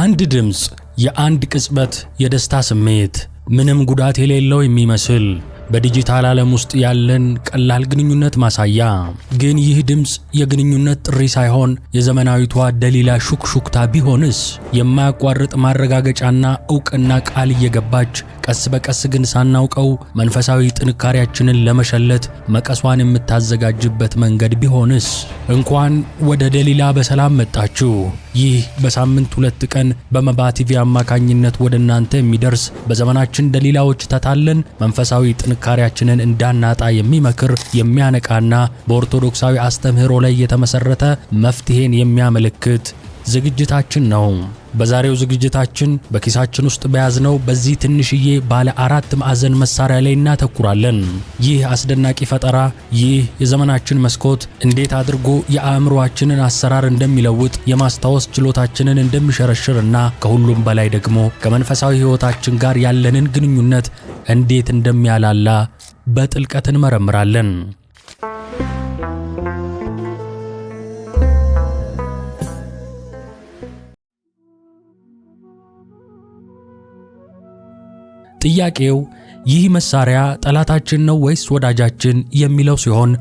አንድ ድምፅ፣ የአንድ ቅጽበት የደስታ ስሜት፣ ምንም ጉዳት የሌለው የሚመስል በዲጂታል ዓለም ውስጥ ያለን ቀላል ግንኙነት ማሳያ። ግን ይህ ድምፅ የግንኙነት ጥሪ ሳይሆን የዘመናዊቷ ደሊላ ሹክሹክታ ቢሆንስ? የማያቋርጥ ማረጋገጫና ዕውቅና ቃል እየገባች ቀስ በቀስ ግን ሳናውቀው መንፈሳዊ ጥንካሬያችንን ለመሸለት መቀሷን የምታዘጋጅበት መንገድ ቢሆንስ? እንኳን ወደ ደሊላ በሰላም መጣችሁ። ይህ በሳምንት ሁለት ቀን በመባ ቲቪ አማካኝነት ወደ እናንተ የሚደርስ በዘመናችን ደሊላዎች ተታለን መንፈሳዊ ጥንካሬያችንን እንዳናጣ የሚመክር የሚያነቃና በኦርቶዶክሳዊ አስተምህሮ ላይ የተመሰረተ መፍትሄን የሚያመለክት ዝግጅታችን ነው። በዛሬው ዝግጅታችን በኪሳችን ውስጥ በያዝነው በዚህ ትንሽዬ ባለ አራት ማዕዘን መሳሪያ ላይ እናተኩራለን። ይህ አስደናቂ ፈጠራ፣ ይህ የዘመናችን መስኮት እንዴት አድርጎ የአእምሮአችንን አሰራር እንደሚለውጥ፣ የማስታወስ ችሎታችንን እንደሚሸረሽር እና ከሁሉም በላይ ደግሞ ከመንፈሳዊ ሕይወታችን ጋር ያለንን ግንኙነት እንዴት እንደሚያላላ በጥልቀት እንመረምራለን። ጥያቄው ይህ መሳሪያ ጠላታችን ነው ወይስ ወዳጃችን የሚለው ሲሆን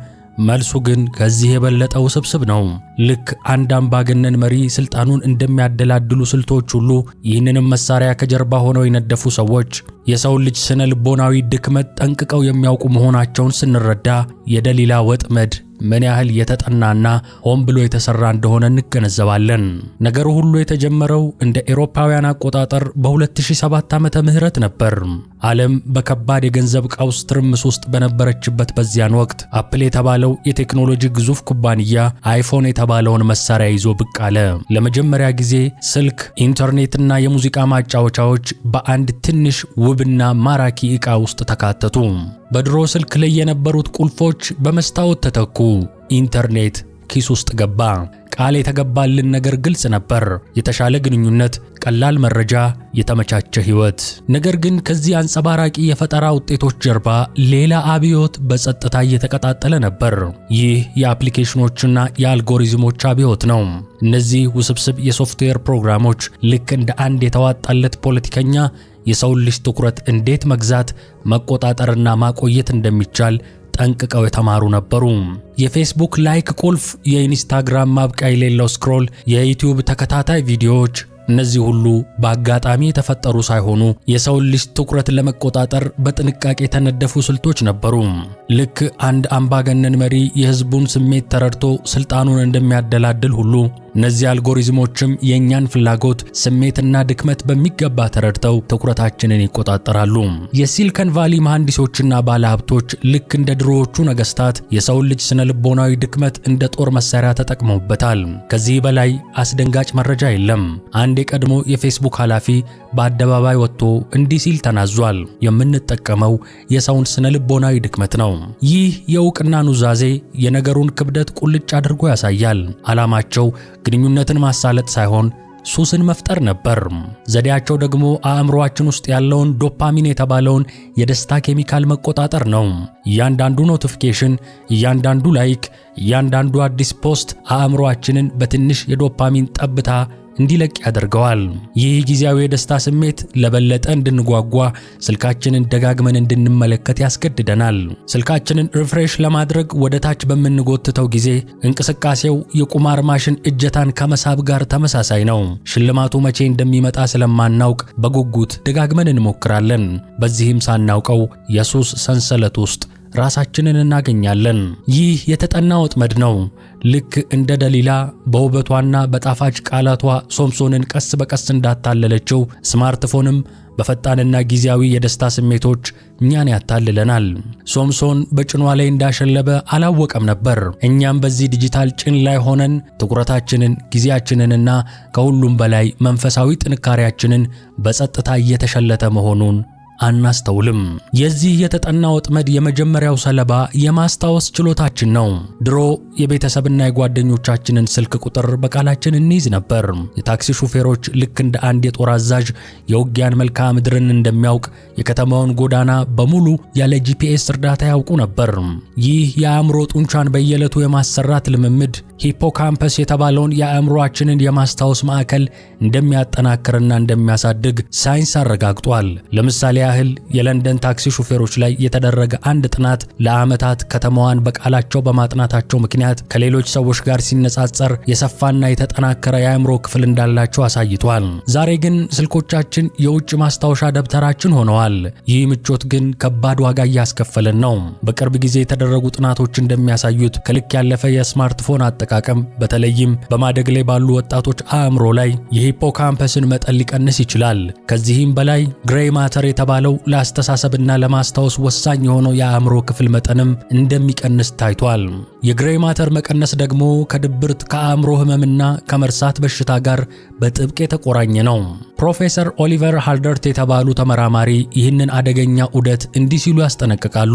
መልሱ ግን ከዚህ የበለጠ ውስብስብ ነው። ልክ አንድ አምባገነን መሪ ስልጣኑን እንደሚያደላድሉ ስልቶች ሁሉ ይህንንም መሳሪያ ከጀርባ ሆነው የነደፉ ሰዎች የሰው ልጅ ስነ ልቦናዊ ድክመት ጠንቅቀው የሚያውቁ መሆናቸውን ስንረዳ የደሊላ ወጥመድ ምን ያህል የተጠናና ሆን ብሎ የተሰራ እንደሆነ እንገነዘባለን። ነገሩ ሁሉ የተጀመረው እንደ ኤሮፓውያን አቆጣጠር በ2007 ዓመተ ምህረት ነበር። ዓለም በከባድ የገንዘብ ቀውስ ትርምስ ውስጥ በነበረችበት በዚያን ወቅት አፕል የተባለው የቴክኖሎጂ ግዙፍ ኩባንያ አይፎን የተባለውን መሳሪያ ይዞ ብቅ አለ። ለመጀመሪያ ጊዜ ስልክ፣ ኢንተርኔትና የሙዚቃ ማጫወቻዎች በአንድ ትንሽ ውብና ማራኪ ዕቃ ውስጥ ተካተቱ። በድሮ ስልክ ላይ የነበሩት ቁልፎች በመስታወት ተተኩ። ኢንተርኔት ኪስ ውስጥ ገባ። ቃል የተገባልን ነገር ግልጽ ነበር፤ የተሻለ ግንኙነት፣ ቀላል መረጃ፣ የተመቻቸ ሕይወት። ነገር ግን ከዚህ አንጸባራቂ የፈጠራ ውጤቶች ጀርባ ሌላ አብዮት በጸጥታ እየተቀጣጠለ ነበር። ይህ የአፕሊኬሽኖችና የአልጎሪዝሞች አብዮት ነው። እነዚህ ውስብስብ የሶፍትዌር ፕሮግራሞች ልክ እንደ አንድ የተዋጣለት ፖለቲከኛ የሰውን ልጅ ትኩረት እንዴት መግዛት፣ መቆጣጠርና ማቆየት እንደሚቻል ጠንቅቀው የተማሩ ነበሩ። የፌስቡክ ላይክ ቁልፍ፣ የኢንስታግራም ማብቂያ የሌለው ስክሮል፣ የዩቲዩብ ተከታታይ ቪዲዮዎች እነዚህ ሁሉ በአጋጣሚ የተፈጠሩ ሳይሆኑ የሰውን ልጅ ትኩረት ለመቆጣጠር በጥንቃቄ የተነደፉ ስልቶች ነበሩ። ልክ አንድ አምባገነን መሪ የሕዝቡን ስሜት ተረድቶ ስልጣኑን እንደሚያደላድል ሁሉ እነዚህ አልጎሪዝሞችም የእኛን ፍላጎት፣ ስሜትና ድክመት በሚገባ ተረድተው ትኩረታችንን ይቆጣጠራሉ። የሲልከን ቫሊ መሐንዲሶችና ባለሀብቶች ልክ እንደ ድሮዎቹ ነገስታት የሰውን ልጅ ስነ ልቦናዊ ድክመት እንደ ጦር መሳሪያ ተጠቅመውበታል። ከዚህ በላይ አስደንጋጭ መረጃ የለም። አንድ የቀድሞ የፌስቡክ ኃላፊ በአደባባይ ወጥቶ እንዲህ ሲል ተናዟል። የምንጠቀመው የሰውን ስነ ልቦናዊ ድክመት ነው። ይህ የእውቅና ኑዛዜ የነገሩን ክብደት ቁልጭ አድርጎ ያሳያል። ዓላማቸው ግንኙነትን ማሳለጥ ሳይሆን ሱስን መፍጠር ነበር። ዘዴያቸው ደግሞ አእምሮአችን ውስጥ ያለውን ዶፓሚን የተባለውን የደስታ ኬሚካል መቆጣጠር ነው። እያንዳንዱ ኖቲፊኬሽን፣ እያንዳንዱ ላይክ፣ እያንዳንዱ አዲስ ፖስት አእምሮአችንን በትንሽ የዶፓሚን ጠብታ እንዲለቅ ያደርገዋል። ይህ ጊዜያዊ የደስታ ስሜት ለበለጠ እንድንጓጓ፣ ስልካችንን ደጋግመን እንድንመለከት ያስገድደናል። ስልካችንን ሪፍሬሽ ለማድረግ ወደ ታች በምንጎትተው ጊዜ እንቅስቃሴው የቁማር ማሽን እጀታን ከመሳብ ጋር ተመሳሳይ ነው። ሽልማቱ መቼ እንደሚመጣ ስለማናውቅ በጉጉት ደጋግመን እንሞክራለን። በዚህም ሳናውቀው የሱስ ሰንሰለት ውስጥ ራሳችንን እናገኛለን። ይህ የተጠና ወጥመድ ነው። ልክ እንደ ደሊላ በውበቷና በጣፋጭ ቃላቷ ሶምሶንን ቀስ በቀስ እንዳታለለችው ስማርትፎንም በፈጣንና ጊዜያዊ የደስታ ስሜቶች እኛን ያታልለናል። ሶምሶን በጭኗ ላይ እንዳሸለበ አላወቀም ነበር። እኛም በዚህ ዲጂታል ጭን ላይ ሆነን ትኩረታችንን፣ ጊዜያችንንና ከሁሉም በላይ መንፈሳዊ ጥንካሬያችንን በጸጥታ እየተሸለተ መሆኑን አናስተውልም። የዚህ የተጠና ወጥመድ የመጀመሪያው ሰለባ የማስታወስ ችሎታችን ነው። ድሮ የቤተሰብና የጓደኞቻችንን ስልክ ቁጥር በቃላችን እንይዝ ነበር። የታክሲ ሹፌሮች ልክ እንደ አንድ የጦር አዛዥ የውጊያን መልክዓ ምድርን እንደሚያውቅ የከተማውን ጎዳና በሙሉ ያለ ጂፒኤስ እርዳታ ያውቁ ነበር። ይህ የአእምሮ ጡንቻን በየዕለቱ የማሰራት ልምምድ ሂፖካምፐስ የተባለውን የአእምሮአችንን የማስታወስ ማዕከል እንደሚያጠናክርና እንደሚያሳድግ ሳይንስ አረጋግጧል። ለምሳሌ ያህል የለንደን ታክሲ ሹፌሮች ላይ የተደረገ አንድ ጥናት ለዓመታት ከተማዋን በቃላቸው በማጥናታቸው ምክንያት ከሌሎች ሰዎች ጋር ሲነጻጸር የሰፋና የተጠናከረ የአእምሮ ክፍል እንዳላቸው አሳይቷል። ዛሬ ግን ስልኮቻችን የውጭ ማስታወሻ ደብተራችን ሆነዋል። ይህ ምቾት ግን ከባድ ዋጋ እያስከፈለን ነው። በቅርብ ጊዜ የተደረጉ ጥናቶች እንደሚያሳዩት ከልክ ያለፈ የስማርትፎን አጠቃቀም በተለይም በማደግ ላይ ባሉ ወጣቶች አእምሮ ላይ የሂፖካምፐስን መጠን ሊቀንስ ይችላል። ከዚህም በላይ ግሬይ ማተር የተባለ የተባለው ለአስተሳሰብና ለማስታወስ ወሳኝ የሆነው የአእምሮ ክፍል መጠንም እንደሚቀንስ ታይቷል። የግሬይ ማተር መቀነስ ደግሞ ከድብርት ከአእምሮ ህመምና ከመርሳት በሽታ ጋር በጥብቅ የተቆራኘ ነው። ፕሮፌሰር ኦሊቨር ሃልደርት የተባሉ ተመራማሪ ይህንን አደገኛ ዑደት እንዲህ ሲሉ ያስጠነቅቃሉ።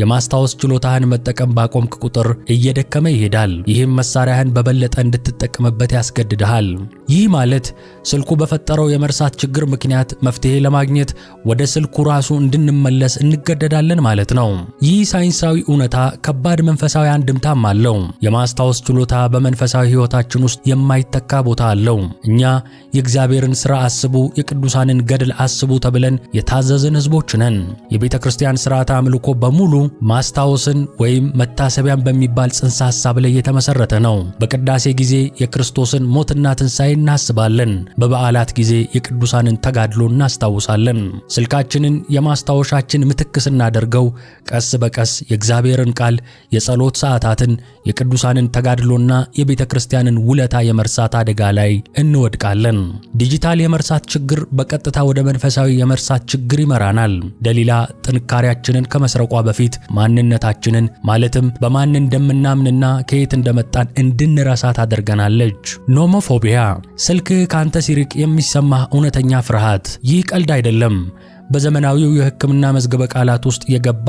የማስታወስ ችሎታህን መጠቀም ባቆምክ ቁጥር እየደከመ ይሄዳል። ይህም መሳሪያህን በበለጠ እንድትጠቀምበት ያስገድድሃል። ይህ ማለት ስልኩ በፈጠረው የመርሳት ችግር ምክንያት መፍትሄ ለማግኘት ወደ ስልኩ ራሱ እንድንመለስ እንገደዳለን ማለት ነው። ይህ ሳይንሳዊ እውነታ ከባድ መንፈሳዊ አንድምታም አለው። የማስታወስ ችሎታ በመንፈሳዊ ሕይወታችን ውስጥ የማይተካ ቦታ አለው። እኛ የእግዚአብሔርን ሥራ አስቡ፣ የቅዱሳንን ገድል አስቡ ተብለን የታዘዝን ሕዝቦች ነን። የቤተ ክርስቲያን ሥርዓተ አምልኮ በሙሉ ማስታወስን ወይም መታሰቢያን በሚባል ጽንሰ ሐሳብ ላይ የተመሠረተ ነው። በቅዳሴ ጊዜ የክርስቶስን ሞትና ትንሣኤ እናስባለን። በበዓላት ጊዜ የቅዱሳንን ተጋድሎ እናስታውሳለን። ልባችንን የማስታወሻችን ምትክ ስናደርገው ቀስ በቀስ የእግዚአብሔርን ቃል፣ የጸሎት ሰዓታትን፣ የቅዱሳንን ተጋድሎና የቤተ ክርስቲያንን ውለታ የመርሳት አደጋ ላይ እንወድቃለን። ዲጂታል የመርሳት ችግር በቀጥታ ወደ መንፈሳዊ የመርሳት ችግር ይመራናል። ደሊላ ጥንካሬያችንን ከመስረቋ በፊት ማንነታችንን ማለትም በማን እንደምናምንና ከየት እንደመጣን እንድንረሳ ታደርገናለች። ኖሞፎቢያ ስልክ ካንተ ሲርቅ የሚሰማህ እውነተኛ ፍርሃት። ይህ ቀልድ አይደለም። በዘመናዊው የሕክምና መዝገበ ቃላት ውስጥ የገባ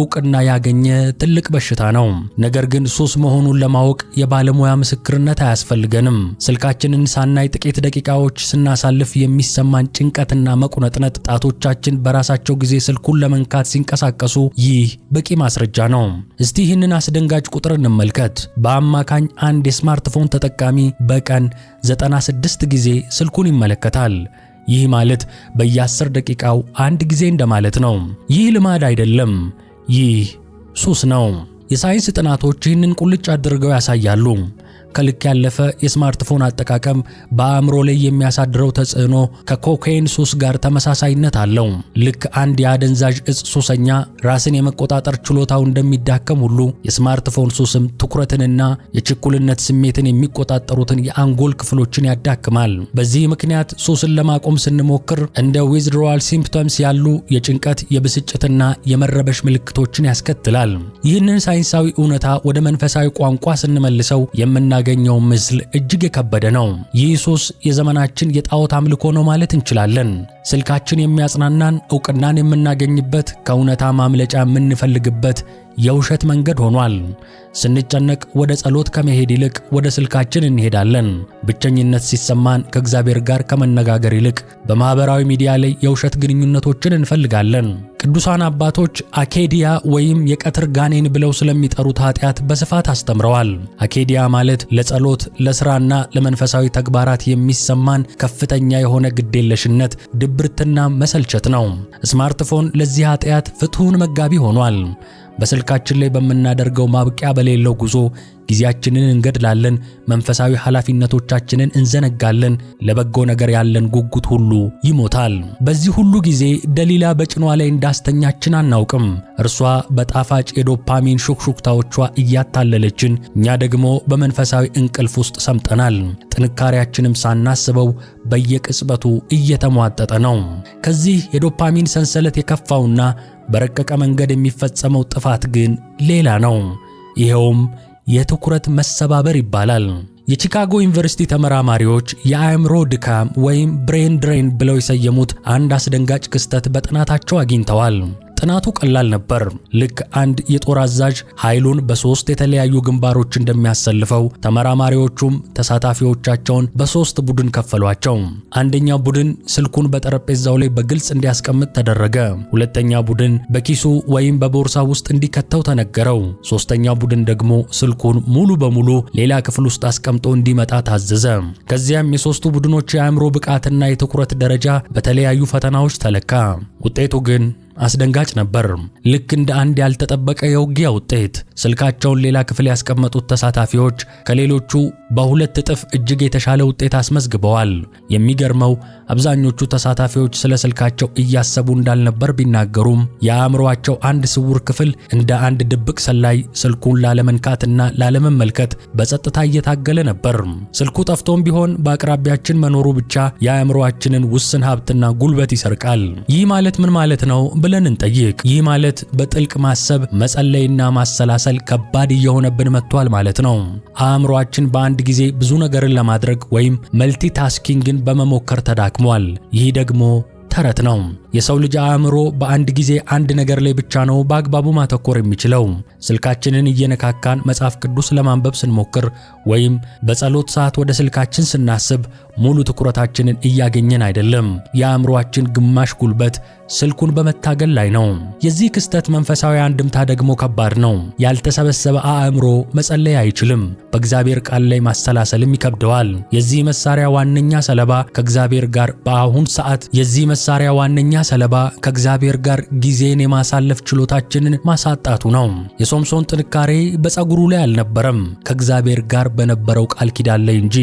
እውቅና ያገኘ ትልቅ በሽታ ነው። ነገር ግን ሱስ መሆኑን ለማወቅ የባለሙያ ምስክርነት አያስፈልገንም። ስልካችንን ሳናይ ጥቂት ደቂቃዎች ስናሳልፍ የሚሰማን ጭንቀትና መቁነጥነጥ፣ ጣቶቻችን በራሳቸው ጊዜ ስልኩን ለመንካት ሲንቀሳቀሱ፣ ይህ በቂ ማስረጃ ነው። እስቲ ይህንን አስደንጋጭ ቁጥር እንመልከት። በአማካኝ አንድ የስማርትፎን ተጠቃሚ በቀን 96 ጊዜ ስልኩን ይመለከታል። ይህ ማለት በየአስር ደቂቃው አንድ ጊዜ እንደማለት ነው። ይህ ልማድ አይደለም፣ ይህ ሱስ ነው። የሳይንስ ጥናቶች ይህንን ቁልጭ አድርገው ያሳያሉ። ከልክ ያለፈ የስማርትፎን አጠቃቀም በአእምሮ ላይ የሚያሳድረው ተጽዕኖ ከኮካይን ሱስ ጋር ተመሳሳይነት አለው። ልክ አንድ የአደንዛዥ እጽ ሱሰኛ ራስን የመቆጣጠር ችሎታው እንደሚዳከም ሁሉ የስማርትፎን ሱስም ትኩረትንና የችኩልነት ስሜትን የሚቆጣጠሩትን የአንጎል ክፍሎችን ያዳክማል። በዚህ ምክንያት ሱስን ለማቆም ስንሞክር እንደ ዊዝድሮዋል ሲምፕተምስ ያሉ የጭንቀት የብስጭትና የመረበሽ ምልክቶችን ያስከትላል። ይህንን ሳይንሳዊ እውነታ ወደ መንፈሳዊ ቋንቋ ስንመልሰው የምናገ የምናገኘው ምስል እጅግ የከበደ ነው። ይህ ሱስ የዘመናችን የጣዖት አምልኮ ነው ማለት እንችላለን። ስልካችን የሚያጽናናን፣ እውቅናን የምናገኝበት፣ ከእውነታ ማምለጫ የምንፈልግበት የውሸት መንገድ ሆኗል። ስንጨነቅ ወደ ጸሎት ከመሄድ ይልቅ ወደ ስልካችን እንሄዳለን። ብቸኝነት ሲሰማን ከእግዚአብሔር ጋር ከመነጋገር ይልቅ በማኅበራዊ ሚዲያ ላይ የውሸት ግንኙነቶችን እንፈልጋለን። ቅዱሳን አባቶች አኬዲያ ወይም የቀትር ጋኔን ብለው ስለሚጠሩት ኃጢአት በስፋት አስተምረዋል። አኬዲያ ማለት ለጸሎት ለሥራና ለመንፈሳዊ ተግባራት የሚሰማን ከፍተኛ የሆነ ግዴለሽነት፣ ድብርትና መሰልቸት ነው። ስማርትፎን ለዚህ ኃጢአት ፍቱን መጋቢ ሆኗል። በስልካችን ላይ በምናደርገው ማብቂያ በሌለው ጉዞ ጊዜያችንን እንገድላለን፣ መንፈሳዊ ኃላፊነቶቻችንን እንዘነጋለን፣ ለበጎ ነገር ያለን ጉጉት ሁሉ ይሞታል። በዚህ ሁሉ ጊዜ ደሊላ በጭኗ ላይ እንዳስተኛችን አናውቅም። እርሷ በጣፋጭ የዶፓሚን ሹክሹክታዎቿ እያታለለችን፣ እኛ ደግሞ በመንፈሳዊ እንቅልፍ ውስጥ ሰምጠናል። ጥንካሬያችንም ሳናስበው በየቅጽበቱ እየተሟጠጠ ነው። ከዚህ የዶፓሚን ሰንሰለት የከፋውና በረቀቀ መንገድ የሚፈጸመው ጥፋት ግን ሌላ ነው። ይኸውም የትኩረት መሰባበር ይባላል። የቺካጎ ዩኒቨርሲቲ ተመራማሪዎች የአእምሮ ድካም ወይም ብሬን ድሬን ብለው የሰየሙት አንድ አስደንጋጭ ክስተት በጥናታቸው አግኝተዋል። ጥናቱ ቀላል ነበር። ልክ አንድ የጦር አዛዥ ኃይሉን በሶስት የተለያዩ ግንባሮች እንደሚያሰልፈው ተመራማሪዎቹም ተሳታፊዎቻቸውን በሶስት ቡድን ከፈሏቸው። አንደኛ ቡድን ስልኩን በጠረጴዛው ላይ በግልጽ እንዲያስቀምጥ ተደረገ። ሁለተኛ ቡድን በኪሱ ወይም በቦርሳ ውስጥ እንዲከተው ተነገረው። ሶስተኛ ቡድን ደግሞ ስልኩን ሙሉ በሙሉ ሌላ ክፍል ውስጥ አስቀምጦ እንዲመጣ ታዘዘ። ከዚያም የሶስቱ ቡድኖች የአእምሮ ብቃትና የትኩረት ደረጃ በተለያዩ ፈተናዎች ተለካ። ውጤቱ ግን አስደንጋጭ ነበር። ልክ እንደ አንድ ያልተጠበቀ የውጊያ ውጤት ስልካቸውን ሌላ ክፍል ያስቀመጡት ተሳታፊዎች ከሌሎቹ በሁለት እጥፍ እጅግ የተሻለ ውጤት አስመዝግበዋል። የሚገርመው አብዛኞቹ ተሳታፊዎች ስለ ስልካቸው እያሰቡ እንዳልነበር ቢናገሩም የአእምሯቸው አንድ ስውር ክፍል እንደ አንድ ድብቅ ሰላይ ስልኩን ላለመንካትና ላለመመልከት በጸጥታ እየታገለ ነበር። ስልኩ ጠፍቶም ቢሆን በአቅራቢያችን መኖሩ ብቻ የአእምሯችንን ውስን ሀብትና ጉልበት ይሰርቃል። ይህ ማለት ምን ማለት ነው? ብለን እንጠይቅ። ይህ ማለት በጥልቅ ማሰብ መጸለይና ማሰላሰል ከባድ እየሆነብን መጥቷል ማለት ነው። አእምሯችን በአንድ ጊዜ ብዙ ነገርን ለማድረግ ወይም መልቲ ታስኪንግን በመሞከር ተዳክሟል። ይህ ደግሞ ተረት ነው። የሰው ልጅ አእምሮ በአንድ ጊዜ አንድ ነገር ላይ ብቻ ነው በአግባቡ ማተኮር የሚችለው። ስልካችንን እየነካካን መጽሐፍ ቅዱስ ለማንበብ ስንሞክር ወይም በጸሎት ሰዓት ወደ ስልካችን ስናስብ ሙሉ ትኩረታችንን እያገኘን አይደለም። የአእምሮአችን ግማሽ ጉልበት ስልኩን በመታገል ላይ ነው። የዚህ ክስተት መንፈሳዊ አንድምታ ደግሞ ከባድ ነው። ያልተሰበሰበ አእምሮ መጸለይ አይችልም፣ በእግዚአብሔር ቃል ላይ ማሰላሰልም ይከብደዋል። የዚህ መሳሪያ ዋነኛ ሰለባ ከእግዚአብሔር ጋር በአሁን ሰዓት የዚህ መሳሪያ ዋነኛ ሰለባ ከእግዚአብሔር ጋር ጊዜን የማሳለፍ ችሎታችንን ማሳጣቱ ነው። የሶምሶን ጥንካሬ በፀጉሩ ላይ አልነበረም፣ ከእግዚአብሔር ጋር በነበረው ቃል ኪዳን ላይ እንጂ።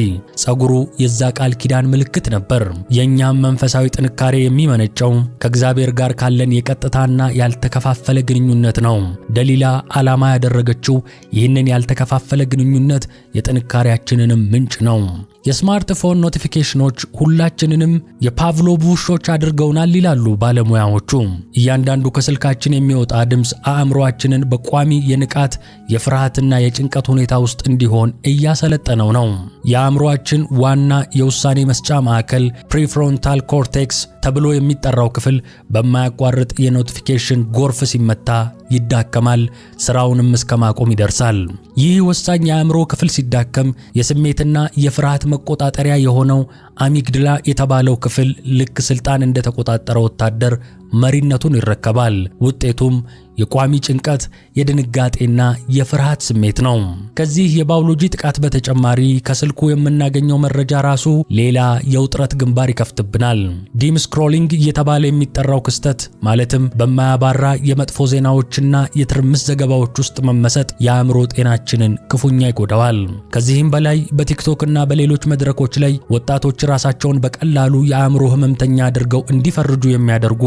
ፀጉሩ የዛ ቃል ኪዳን ምልክት ነበር። የእኛም መንፈሳዊ ጥንካሬ የሚመነጨው ከእግዚአብሔር ጋር ካለን የቀጥታና ያልተከፋፈለ ግንኙነት ነው። ደሊላ ዓላማ ያደረገችው ይህንን ያልተከፋፈለ ግንኙነት የጥንካሬያችንንም ምንጭ ነው። የስማርትፎን ኖቲፊኬሽኖች ሁላችንንም የፓቭሎቭ ውሾች አድርገውናል ይላሉ ባለሙያዎቹ። እያንዳንዱ ከስልካችን የሚወጣ ድምፅ አእምሯችንን በቋሚ የንቃት የፍርሃትና የጭንቀት ሁኔታ ውስጥ እንዲሆን እያሰለጠነው ነው። የአእምሯችን ዋና የውሳኔ መስጫ ማዕከል ፕሪፍሮንታል ኮርቴክስ ተብሎ የሚጠራው ክፍል በማያቋርጥ የኖቲፊኬሽን ጎርፍ ሲመታ ይዳከማል፣ ስራውንም እስከ ማቆም ይደርሳል። ይህ ወሳኝ የአእምሮ ክፍል ሲዳከም የስሜትና የፍርሃት መቆጣጠሪያ የሆነው አሚግድላ የተባለው ክፍል ልክ ስልጣን እንደተቆጣጠረ ወታደር መሪነቱን ይረከባል። ውጤቱም የቋሚ ጭንቀት፣ የድንጋጤና የፍርሃት ስሜት ነው። ከዚህ የባዮሎጂ ጥቃት በተጨማሪ ከስልኩ የምናገኘው መረጃ ራሱ ሌላ የውጥረት ግንባር ይከፍትብናል። ዲም ስክሮሊንግ እየተባለ የሚጠራው ክስተት ማለትም በማያባራ የመጥፎ ዜናዎችና የትርምስ ዘገባዎች ውስጥ መመሰጥ የአእምሮ ጤናችንን ክፉኛ ይጎዳዋል። ከዚህም በላይ በቲክቶክ እና በሌሎች መድረኮች ላይ ወጣቶች ራሳቸውን በቀላሉ የአእምሮ ህመምተኛ አድርገው እንዲፈርጁ የሚያደርጉ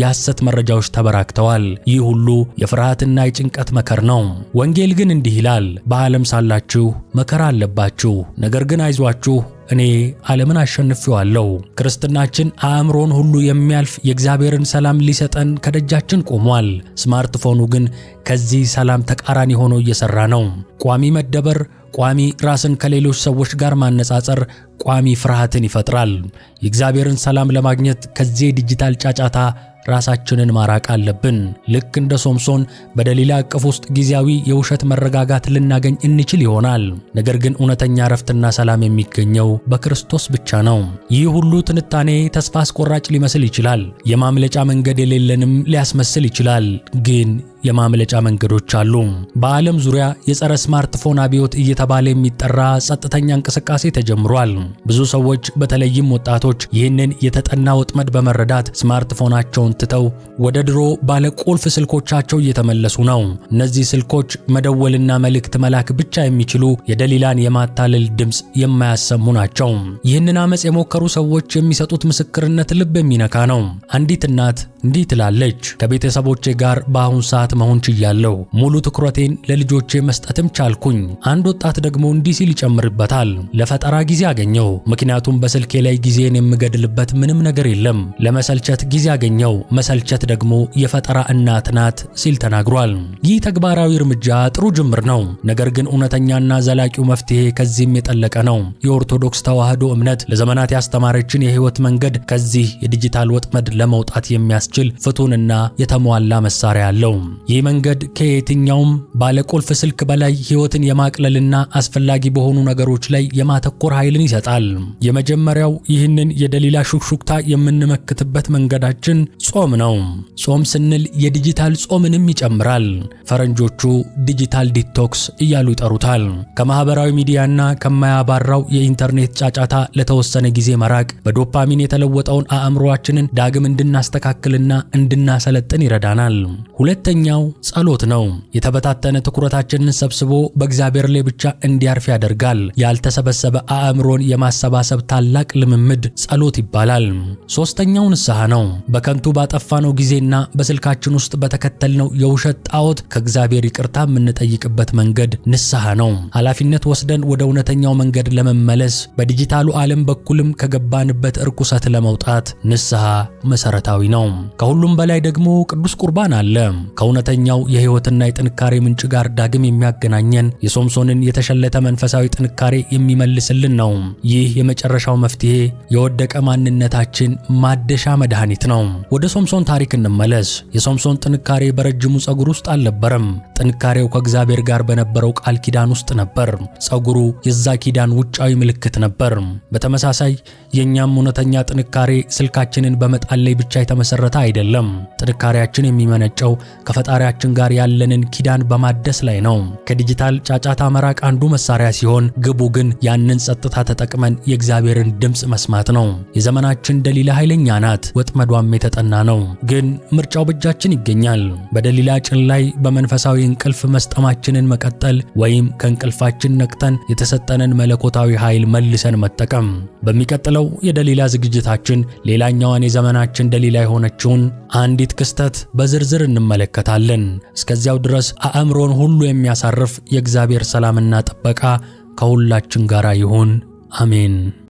የሐሰት መረጃዎች ተበራክተዋል። ይህ ሁሉ የፍርሃትና የጭንቀት መከር ነው። ወንጌል ግን እንዲህ ይላል፣ በዓለም ሳላችሁ መከራ አለባችሁ፣ ነገር ግን አይዟችሁ እኔ ዓለምን አሸንፌዋለሁ። ክርስትናችን አእምሮን ሁሉ የሚያልፍ የእግዚአብሔርን ሰላም ሊሰጠን ከደጃችን ቆሟል። ስማርትፎኑ ግን ከዚህ ሰላም ተቃራኒ ሆኖ እየሰራ ነው። ቋሚ መደበር ቋሚ ራስን ከሌሎች ሰዎች ጋር ማነጻጸር ቋሚ ፍርሃትን ይፈጥራል። የእግዚአብሔርን ሰላም ለማግኘት ከዚህ ዲጂታል ጫጫታ ራሳችንን ማራቅ አለብን። ልክ እንደ ሶምሶን በደሊላ እቅፍ ውስጥ ጊዜያዊ የውሸት መረጋጋት ልናገኝ እንችል ይሆናል። ነገር ግን እውነተኛ እረፍትና ሰላም የሚገኘው በክርስቶስ ብቻ ነው። ይህ ሁሉ ትንታኔ ተስፋ አስቆራጭ ሊመስል ይችላል። የማምለጫ መንገድ የሌለንም ሊያስመስል ይችላል ግን የማምለጫ መንገዶች አሉ። በዓለም ዙሪያ የጸረ ስማርትፎን አብዮት እየተባለ የሚጠራ ጸጥተኛ እንቅስቃሴ ተጀምሯል። ብዙ ሰዎች በተለይም ወጣቶች ይህንን የተጠና ወጥመድ በመረዳት ስማርትፎናቸውን ትተው ወደ ድሮ ባለ ቁልፍ ስልኮቻቸው እየተመለሱ ነው። እነዚህ ስልኮች መደወልና መልእክት መላክ ብቻ የሚችሉ የደሊላን የማታለል ድምፅ የማያሰሙ ናቸው። ይህንን አመፅ የሞከሩ ሰዎች የሚሰጡት ምስክርነት ልብ የሚነካ ነው። አንዲት እናት እንዲህ ትላለች፣ ከቤተሰቦቼ ጋር በአሁን ሰዓት መሆን ችያለሁ። ሙሉ ትኩረቴን ለልጆቼ መስጠትም ቻልኩኝ። አንድ ወጣት ደግሞ እንዲህ ሲል ይጨምርበታል፣ ለፈጠራ ጊዜ አገኘው። ምክንያቱም በስልኬ ላይ ጊዜን የምገድልበት ምንም ነገር የለም። ለመሰልቸት ጊዜ አገኘው መሰልቸት ደግሞ የፈጠራ እናት ናት ሲል ተናግሯል። ይህ ተግባራዊ እርምጃ ጥሩ ጅምር ነው፣ ነገር ግን እውነተኛና ዘላቂው መፍትሄ ከዚህም የጠለቀ ነው። የኦርቶዶክስ ተዋሕዶ እምነት ለዘመናት ያስተማረችን የህይወት መንገድ ከዚህ የዲጂታል ወጥመድ ለመውጣት የሚያስችል ፍቱንና የተሟላ መሳሪያ አለው። ይህ መንገድ ከየትኛውም ባለቁልፍ ስልክ በላይ ህይወትን የማቅለልና አስፈላጊ በሆኑ ነገሮች ላይ የማተኮር ኃይልን ይሰጣል። የመጀመሪያው ይህንን የደሊላ ሹክሹክታ የምንመክትበት መንገዳችን ጾም ነው። ጾም ስንል የዲጂታል ጾምንም ይጨምራል። ፈረንጆቹ ዲጂታል ዲቶክስ እያሉ ይጠሩታል። ከማህበራዊ ሚዲያና ከማያባራው የኢንተርኔት ጫጫታ ለተወሰነ ጊዜ መራቅ በዶፓሚን የተለወጠውን አእምሮአችንን ዳግም እንድናስተካክልና እንድናሰለጥን ይረዳናል። ሁለተኛው ጸሎት ነው። የተበታተነ ትኩረታችንን ሰብስቦ በእግዚአብሔር ላይ ብቻ እንዲያርፍ ያደርጋል። ያልተሰበሰበ አእምሮን የማሰባሰብ ታላቅ ልምምድ ጸሎት ይባላል። ሶስተኛው ንስሐ ነው። በከንቱ ባጠፋነው ጊዜና በስልካችን ውስጥ በተከተልነው የውሸት ጣዖት ከእግዚአብሔር ይቅርታ የምንጠይቅበት መንገድ ንስሐ ነው። ኃላፊነት ወስደን ወደ እውነተኛው መንገድ ለመመለስ በዲጂታሉ ዓለም በኩልም ከገባንበት እርኩሰት ለመውጣት ንስሐ መሰረታዊ ነው። ከሁሉም በላይ ደግሞ ቅዱስ ቁርባን አለ። ከእውነተኛው የሕይወትና የጥንካሬ ምንጭ ጋር ዳግም የሚያገናኘን የሶምሶንን የተሸለተ መንፈሳዊ ጥንካሬ የሚመልስልን ነው። ይህ የመጨረሻው መፍትሄ የወደቀ ማንነታችን ማደሻ መድኃኒት ነው። ወደ ወደ ሶምሶን ታሪክ እንመለስ። የሶምሶን ጥንካሬ በረጅሙ ጸጉር ውስጥ አልነበረም። ጥንካሬው ከእግዚአብሔር ጋር በነበረው ቃል ኪዳን ውስጥ ነበር። ጸጉሩ የዛ ኪዳን ውጫዊ ምልክት ነበር። በተመሳሳይ የእኛም እውነተኛ ጥንካሬ ስልካችንን በመጣል ላይ ብቻ የተመሰረተ አይደለም። ጥንካሬያችን የሚመነጨው ከፈጣሪያችን ጋር ያለንን ኪዳን በማደስ ላይ ነው። ከዲጂታል ጫጫታ መራቅ አንዱ መሳሪያ ሲሆን፣ ግቡ ግን ያንን ጸጥታ ተጠቅመን የእግዚአብሔርን ድምፅ መስማት ነው። የዘመናችን ደሊላ ኃይለኛ ናት፣ ወጥመዷም የተጠና ነው። ግን ምርጫው በእጃችን ይገኛል። በደሊላ ጭን ላይ በመንፈሳዊ እንቅልፍ መስጠማችንን መቀጠል ወይም ከእንቅልፋችን ነቅተን የተሰጠንን መለኮታዊ ኃይል መልሰን መጠቀም። በሚቀጥለው የደሊላ ዝግጅታችን ሌላኛዋን የዘመናችን ደሊላ የሆነችውን አንዲት ክስተት በዝርዝር እንመለከታለን። እስከዚያው ድረስ አእምሮን ሁሉ የሚያሳርፍ የእግዚአብሔር ሰላምና ጥበቃ ከሁላችን ጋር ይሁን። አሜን።